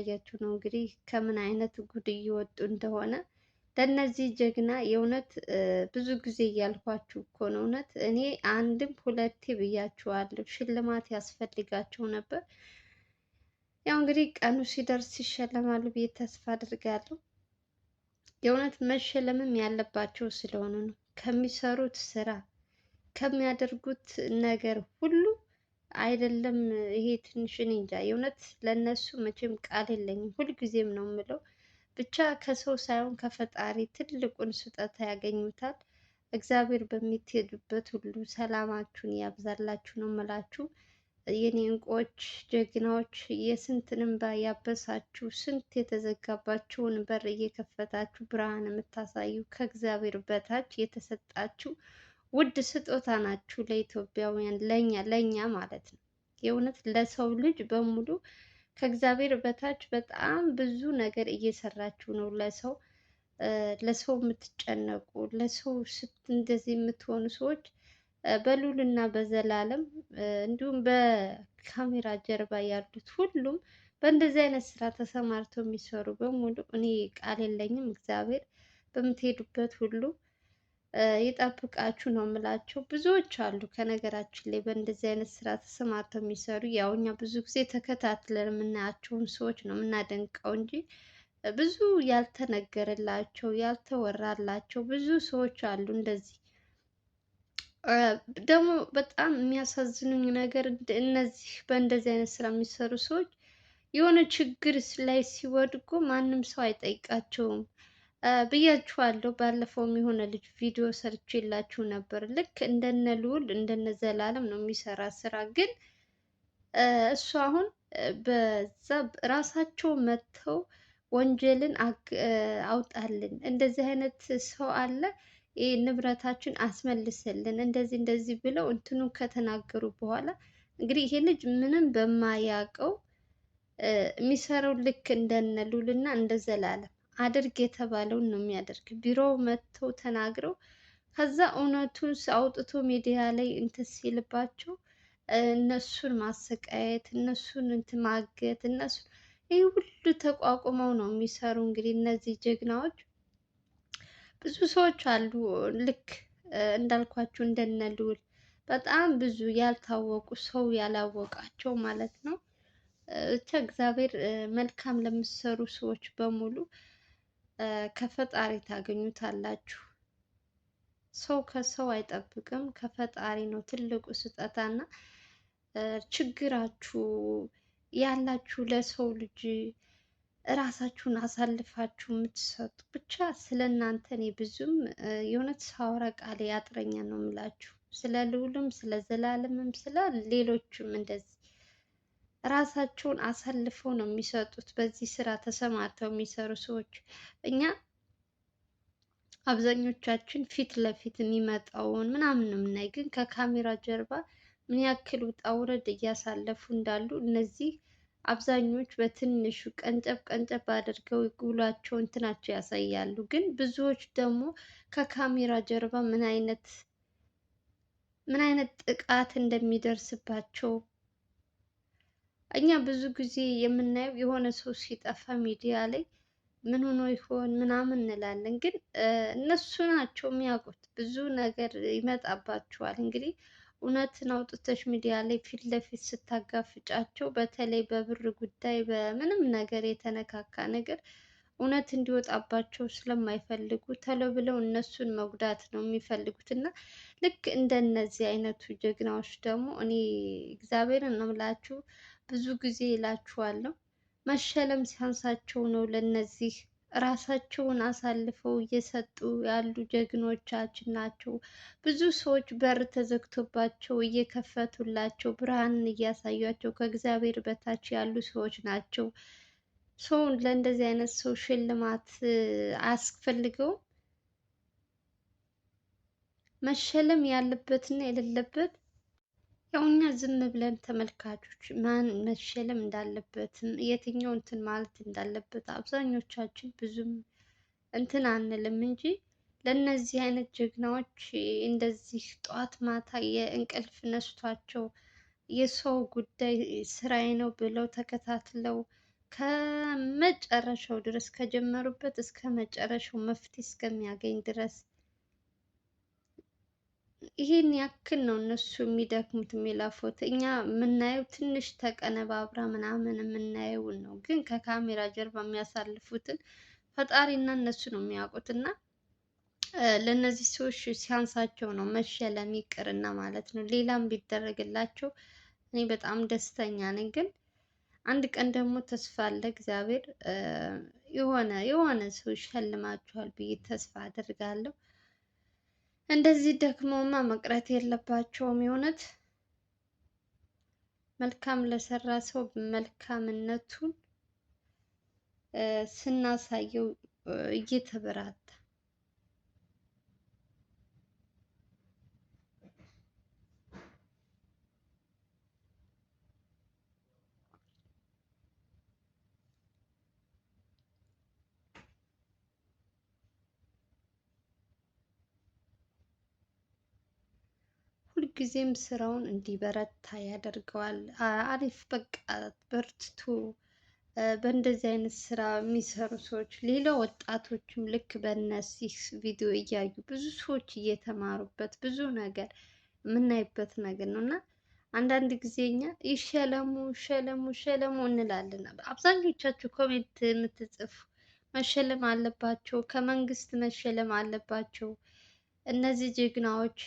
እያያችሁ ነው እንግዲህ ከምን አይነት ጉድ እየወጡ እንደሆነ። ለእነዚህ ጀግና የእውነት ብዙ ጊዜ እያልኳችሁ እኮ ነው። እውነት እኔ አንድም ሁለቴ ብያችኋለሁ፣ ሽልማት ያስፈልጋቸው ነበር። ያው እንግዲህ ቀኑ ሲደርስ ይሸለማሉ ብዬ ተስፋ አድርጋለሁ። የእውነት መሸለምም ያለባቸው ስለሆኑ ነው። ከሚሰሩት ስራ ከሚያደርጉት ነገር ሁሉ አይደለም ይሄ ትንሽ እኔ እንጃ የእውነት ለእነሱ መቼም ቃል የለኝም። ሁልጊዜም ነው የምለው ብቻ ከሰው ሳይሆን ከፈጣሪ ትልቁን ስጦታ ያገኙታል። እግዚአብሔር በምትሄዱበት ሁሉ ሰላማችሁን ያብዛላችሁ ነው የምላችሁ። የኔ እንቁዎች ጀግናዎች፣ የስንትን እንባ ያበሳችሁ፣ ስንት የተዘጋባችሁን በር እየከፈታችሁ ብርሃን የምታሳዩ ከእግዚአብሔር በታች የተሰጣችሁ ውድ ስጦታ ናችሁ ለኢትዮጵያውያን፣ ለኛ ለኛ ማለት ነው። የእውነት ለሰው ልጅ በሙሉ ከእግዚአብሔር በታች በጣም ብዙ ነገር እየሰራችሁ ነው። ለሰው ለሰው የምትጨነቁ ለሰው እንደዚህ የምትሆኑ ሰዎች በሉል እና በዘላለም እንዲሁም በካሜራ ጀርባ ያሉት ሁሉም በእንደዚህ አይነት ስራ ተሰማርተው የሚሰሩ በሙሉ እኔ ቃል የለኝም። እግዚአብሔር በምትሄዱበት ሁሉ ይጠብቃችሁ ነው የምላቸው። ብዙዎች አሉ ከነገራችን ላይ በእንደዚህ አይነት ስራ ተሰማርተው የሚሰሩ ያው እኛ ብዙ ጊዜ ተከታትለን የምናያቸውን ሰዎች ነው የምናደንቀው እንጂ ብዙ ያልተነገረላቸው ያልተወራላቸው ብዙ ሰዎች አሉ። እንደዚህ ደግሞ በጣም የሚያሳዝኑኝ ነገር እነዚህ በእንደዚህ አይነት ስራ የሚሰሩ ሰዎች የሆነ ችግር ላይ ሲወድቁ ማንም ሰው አይጠይቃቸውም። ብያችኋለሁ። ባለፈውም የሆነ ልጅ ቪዲዮ ሰርች የላችሁ ነበር። ልክ እንደነ ልዑል እንደነ ዘላለም ነው የሚሰራ ስራ። ግን እሱ አሁን በዛ ራሳቸው መጥተው ወንጀልን አውጣልን፣ እንደዚህ አይነት ሰው አለ፣ ንብረታችን አስመልስልን፣ እንደዚህ እንደዚህ ብለው እንትኑ ከተናገሩ በኋላ እንግዲህ ይሄ ልጅ ምንም በማያውቀው የሚሰራው ልክ እንደነ ልዑል እና እንደ ዘላለም አድርግ የተባለውን ነው የሚያደርግ። ቢሮ መጥቶ ተናግረው ከዛ እውነቱን አውጥቶ ሚዲያ ላይ እንትን ሲልባቸው እነሱን ማሰቃየት፣ እነሱን እንትን ማገት፣ እነሱን ይህ ሁሉ ተቋቁመው ነው የሚሰሩ። እንግዲህ እነዚህ ጀግናዎች ብዙ ሰዎች አሉ። ልክ እንዳልኳቸው እንደነ ልዑል በጣም ብዙ ያልታወቁ ሰው ያላወቃቸው ማለት ነው። ብቻ እግዚአብሔር መልካም ለሚሰሩ ሰዎች በሙሉ ከፈጣሪ ታገኙታላችሁ። ሰው ከሰው አይጠብቅም ከፈጣሪ ነው ትልቁ ስጠታ እና ችግራችሁ ያላችሁ ለሰው ልጅ እራሳችሁን አሳልፋችሁ የምትሰጡ ብቻ ስለ እናንተ እኔ ብዙም የእውነት ሳወራ ቃል ያጥረኛል ነው የምላችሁ። ስለ ልዑልም ስለ ዘላለምም ስለ ሌሎችም እንደዚህ ራሳቸውን አሳልፈው ነው የሚሰጡት። በዚህ ስራ ተሰማርተው የሚሰሩ ሰዎች እኛ አብዛኞቻችን ፊት ለፊት የሚመጣውን ምናምን ነው የምናይ፣ ግን ከካሜራ ጀርባ ምን ያክል ውጣ ውረድ እያሳለፉ እንዳሉ እነዚህ አብዛኞች በትንሹ ቀንጨብ ቀንጨብ አድርገው ውሏቸው እንትናቸው ያሳያሉ። ግን ብዙዎች ደግሞ ከካሜራ ጀርባ ምን አይነት ምን አይነት ጥቃት እንደሚደርስባቸው እኛ ብዙ ጊዜ የምናየው የሆነ ሰው ሲጠፋ ሚዲያ ላይ ምን ሆኖ ይሆን ምናምን እንላለን። ግን እነሱ ናቸው የሚያውቁት። ብዙ ነገር ይመጣባቸዋል። እንግዲህ እውነትን አውጥተሽ ሚዲያ ላይ ፊት ለፊት ስታጋፍጫቸው፣ በተለይ በብር ጉዳይ በምንም ነገር የተነካካ ነገር እውነት እንዲወጣባቸው ስለማይፈልጉ ተሎ ብለው እነሱን መጉዳት ነው የሚፈልጉት። እና ልክ እንደነዚህ አይነቱ ጀግናዎች ደግሞ እኔ እግዚአብሔርን ነው የምላችሁ ብዙ ጊዜ እላችኋለሁ። መሸለም ሲያንሳቸው ነው ለነዚህ ራሳቸውን አሳልፈው እየሰጡ ያሉ ጀግኖቻችን ናቸው። ብዙ ሰዎች በር ተዘግቶባቸው እየከፈቱላቸው ብርሃንን እያሳያቸው ከእግዚአብሔር በታች ያሉ ሰዎች ናቸው። ሰውን ለእንደዚህ አይነት ሰው ሽልማት አያስፈልገውም። መሸለም ያለበትና የሌለበት ያው እኛ ዝም ብለን ተመልካቾች ማን መሸለም እንዳለበትም የትኛው እንትን ማለት እንዳለበት አብዛኞቻችን ብዙም እንትን አንልም እንጂ ለእነዚህ አይነት ጀግናዎች እንደዚህ ጠዋት ማታ የእንቅልፍ ነስቷቸው የሰው ጉዳይ ስራዬ ነው ብለው ተከታትለው ከመጨረሻው ድረስ ከጀመሩበት እስከ መጨረሻው መፍትሄ እስከሚያገኝ ድረስ ይሄን ያክል ነው እነሱ የሚደክሙት የሚለፉት። እኛ የምናየው ትንሽ ተቀነባብራ ምናምን የምናየውን ነው፣ ግን ከካሜራ ጀርባ የሚያሳልፉትን ፈጣሪና እነሱ ነው የሚያውቁት። እና ለእነዚህ ሰዎች ሲያንሳቸው ነው መሸለም ይቅርና ማለት ነው። ሌላም ቢደረግላቸው እኔ በጣም ደስተኛ ነኝ። ግን አንድ ቀን ደግሞ ተስፋ አለ እግዚአብሔር የሆነ የሆነ ሰው ይሸልማችኋል ብዬ ተስፋ አድርጋለሁ። እንደዚህ ደክመውማ መቅረት የለባቸውም። የእውነት መልካም ለሰራ ሰው መልካምነቱን ስናሳየው እየተበራታ ሁልጊዜም ስራውን እንዲበረታ ያደርገዋል። አሪፍ በቃ በርትቱ። በእንደዚህ አይነት ስራ የሚሰሩ ሰዎች ሌላ ወጣቶችም ልክ በነዚህ ቪዲዮ እያዩ ብዙ ሰዎች እየተማሩበት ብዙ ነገር የምናይበት ነገር ነው እና አንዳንድ ጊዜ እኛ ይሸለሙ ሸለሙ ሸለሙ እንላለን። አብዛኞቻችሁ ኮሜንት የምትጽፉ መሸለም አለባቸው፣ ከመንግስት መሸለም አለባቸው እነዚህ ጀግናዎች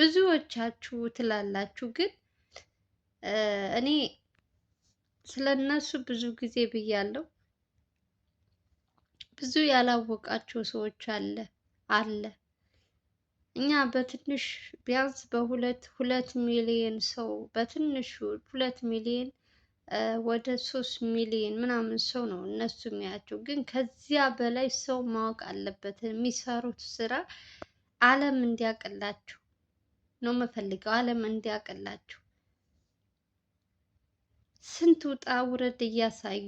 ብዙዎቻችሁ ትላላችሁ፣ ግን እኔ ስለነሱ ብዙ ጊዜ ብያለሁ። ብዙ ያላወቃቸው ሰዎች አለ አለ እኛ በትንሽ ቢያንስ በሁለት ሁለት ሚሊዮን ሰው በትንሹ ሁለት ሚሊዮን ወደ ሶስት ሚሊዮን ምናምን ሰው ነው እነሱ የሚያቸው። ግን ከዚያ በላይ ሰው ማወቅ አለበት የሚሰሩት ስራ ዓለም እንዲያውቅላቸው ነው የምፈልገው። ዓለም እንዲያቀላችሁ ስንት ውጣ ውረድ እያሳዩ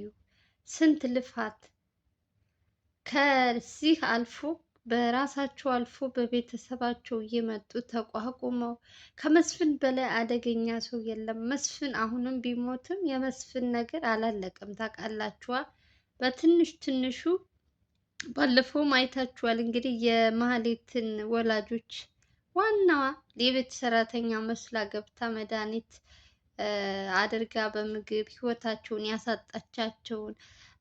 ስንት ልፋት ከዚህ አልፎ በራሳቸው አልፎ በቤተሰባቸው እየመጡ ተቋቁመው ከመስፍን በላይ አደገኛ ሰው የለም። መስፍን አሁንም ቢሞትም የመስፍን ነገር አላለቀም። ታውቃላችኋ በትንሽ ትንሹ ባለፈውም አይታችኋል እንግዲህ የማህሌትን ወላጆች ዋናዋ የቤት ሰራተኛ መስላ ገብታ መድኃኒት አድርጋ በምግብ ህይወታቸውን ያሳጣቻቸውን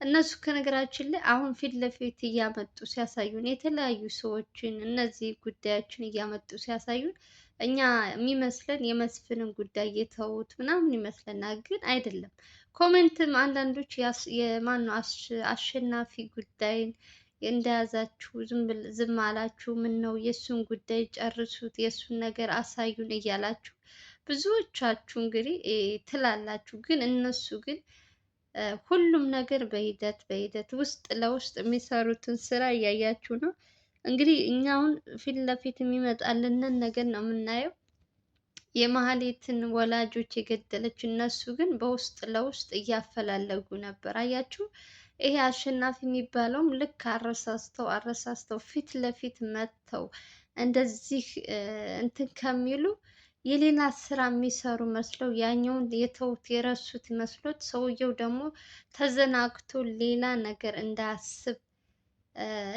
እነሱ ከነገራችን ላይ አሁን ፊት ለፊት እያመጡ ሲያሳዩን የተለያዩ ሰዎችን እነዚህ ጉዳያችን እያመጡ ሲያሳዩን እኛ የሚመስለን የመስፍንን ጉዳይ እየተዉት ምናምን ይመስለናል፣ ግን አይደለም። ኮሜንትም አንዳንዶች የማነው አሸናፊ ጉዳይን እንደያዛችሁ ዝም አላችሁ። ምን ነው የእሱን ጉዳይ ጨርሱት፣ የእሱን ነገር አሳዩን እያላችሁ ብዙዎቻችሁ እንግዲህ ትላላችሁ። ግን እነሱ ግን ሁሉም ነገር በሂደት በሂደት ውስጥ ለውስጥ የሚሰሩትን ስራ እያያችሁ ነው። እንግዲህ እኛውን ፊት ለፊት የሚመጣልንን ነገር ነው የምናየው። የማህሌትን ወላጆች የገደለች እነሱ ግን በውስጥ ለውስጥ እያፈላለጉ ነበር። አያችሁ ይሄ አሸናፊ የሚባለውም ልክ አረሳስተው አረሳስተው ፊት ለፊት መጥተው እንደዚህ እንትን ከሚሉ የሌላ ስራ የሚሰሩ መስለው ያኛውን የተውት የረሱት መስሎት ሰውየው ደግሞ ተዘናግቶ ሌላ ነገር እንዳያስብ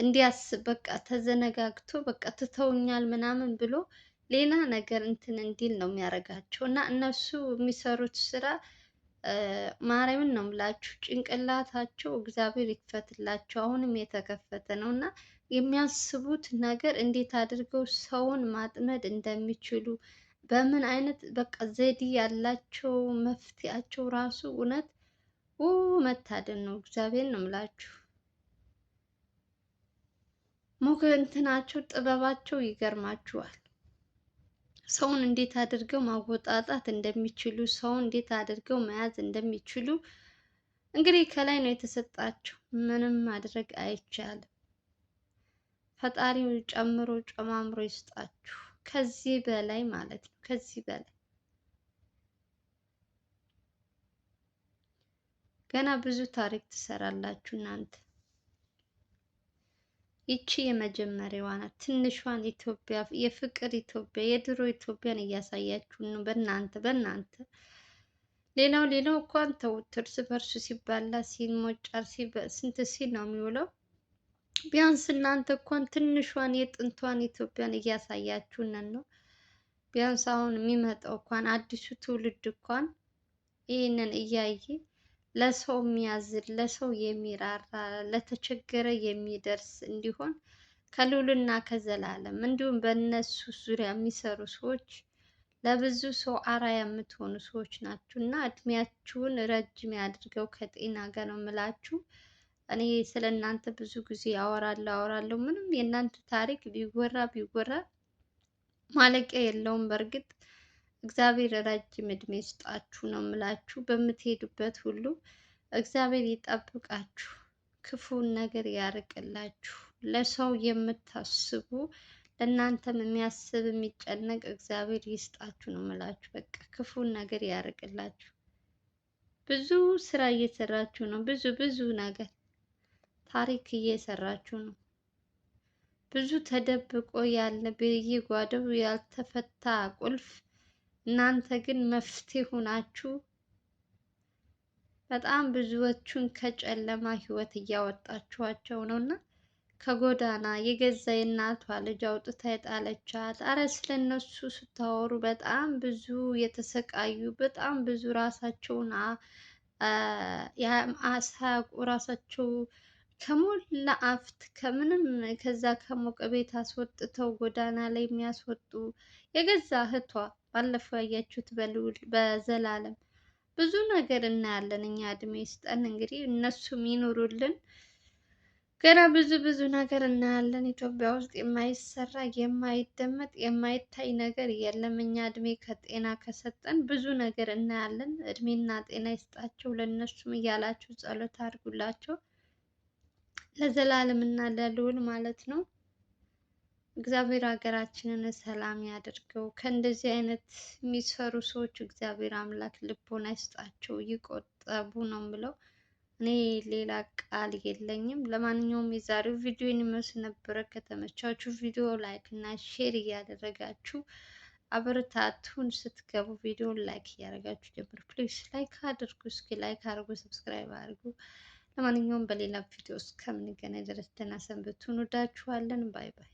እንዲያስብ በቃ ተዘነጋግቶ በቃ ትተውኛል ምናምን ብሎ ሌላ ነገር እንትን እንዲል ነው የሚያደርጋቸው እና እነሱ የሚሰሩት ስራ ማርያምን ነው የምላችሁ። ጭንቅላታቸው እግዚአብሔር ይክፈትላቸው። አሁንም የተከፈተ ነው እና የሚያስቡት ነገር እንዴት አድርገው ሰውን ማጥመድ እንደሚችሉ በምን አይነት በቃ ዘዴ ያላቸው መፍትያቸው ራሱ እውነት ው መታደን ነው። እግዚአብሔር ነው የምላችሁ። ሞገ እንትናቸው ጥበባቸው ይገርማችኋል። ሰውን እንዴት አድርገው ማወጣጣት እንደሚችሉ፣ ሰውን እንዴት አድርገው መያዝ እንደሚችሉ እንግዲህ ከላይ ነው የተሰጣቸው። ምንም ማድረግ አይቻልም። ፈጣሪው ጨምሮ ጨማምሮ ይስጣችሁ። ከዚህ በላይ ማለት ነው። ከዚህ በላይ ገና ብዙ ታሪክ ትሰራላችሁ እናንተ። ይቺ የመጀመሪያዋ ናት። ትንሿን ኢትዮጵያ የፍቅር ኢትዮጵያ የድሮ ኢትዮጵያን እያሳያችሁ ነው። በእናንተ በእናንተ ሌላው ሌላው እንኳን ተውት። እርስ በርሱ ሲባላ ሲሞጫር ስንት ሲል ነው የሚውለው። ቢያንስ እናንተ እንኳን ትንሿን የጥንቷን ኢትዮጵያን እያሳያችሁነን ነው። ቢያንስ አሁን የሚመጣው እንኳን አዲሱ ትውልድ እንኳን ይህንን እያየ ለሰው የሚያዝን ለሰው የሚራራ ለተቸገረ የሚደርስ እንዲሆን ከልዑልና ከዘላለም እንዲሁም በእነሱ ዙሪያ የሚሰሩ ሰዎች ለብዙ ሰው አራ የምትሆኑ ሰዎች ናችሁ እና እድሜያችሁን ረጅም ያድርገው ከጤና ጋር ነው የምላችሁ። እኔ ስለ እናንተ ብዙ ጊዜ አወራለሁ አወራለሁ ምንም የእናንተ ታሪክ ቢወራ ቢወራ ማለቂያ የለውም በእርግጥ እግዚአብሔር ረጅም እድሜ ይስጣችሁ ነው የምላችሁ። በምትሄዱበት ሁሉ እግዚአብሔር ይጠብቃችሁ፣ ክፉን ነገር ያርቅላችሁ። ለሰው የምታስቡ ለእናንተም የሚያስብ የሚጨነቅ እግዚአብሔር ይስጣችሁ ነው የምላችሁ። በቃ ክፉን ነገር ያርቅላችሁ። ብዙ ስራ እየሰራችሁ ነው። ብዙ ብዙ ነገር ታሪክ እየሰራችሁ ነው። ብዙ ተደብቆ ያለ በየጓዳው ያልተፈታ ቁልፍ እናንተ ግን መፍትሄ ሆናችሁ በጣም ብዙዎቹን ከጨለማ ህይወት እያወጣችኋቸው ነው እና ከጎዳና የገዛ የእናቷ ልጅ አውጥታ የጣለቻት። አረ ስለ እነሱ ስታወሩ በጣም ብዙ የተሰቃዩ በጣም ብዙ ራሳቸውን ሳያውቁ ራሳቸው ከሞላ አፍት ከምንም ከዛ ከሞቀ ቤት አስወጥተው ጎዳና ላይ የሚያስወጡ የገዛ እህቷ ባለፈው ያያችሁት በልውል በዘላለም ብዙ ነገር እናያለን። እኛ እድሜ ይስጠን እንግዲህ እነሱም ይኑሩልን። ገና ብዙ ብዙ ነገር እናያለን። ኢትዮጵያ ውስጥ የማይሰራ የማይደመጥ የማይታይ ነገር የለም። እኛ እድሜ ከጤና ከሰጠን ብዙ ነገር እናያለን። እድሜና ጤና ይስጣቸው ለእነሱም እያላችሁ ጸሎት አድርጉላቸው። ለዘላለም እና ለልዑል ማለት ነው። እግዚአብሔር ሀገራችንን ሰላም ያደርገው። ከእንደዚህ አይነት የሚሰሩ ሰዎች እግዚአብሔር አምላክ ልቦና ይስጣቸው፣ ይቆጠቡ ነው የምለው። እኔ ሌላ ቃል የለኝም። ለማንኛውም የዛሬው ቪዲዮ ይመስል ነበረ። ከተመቻችሁ ቪዲዮ ላይክ እና ሼር እያደረጋችሁ አበረታቱን። ስትገቡ ቪዲዮ ላይክ እያደረጋችሁ ጀምር ፕሊስ ላይክ አድርጉ። እስኪ ላይክ አድርጉ፣ ሰብስክራይብ አድርጉ። ለማንኛውም በሌላ ቪዲዮ እስከምንገናኝ ድረስ ደህና ሰንብቱ። እንወዳችኋለን። ባይ ባይ።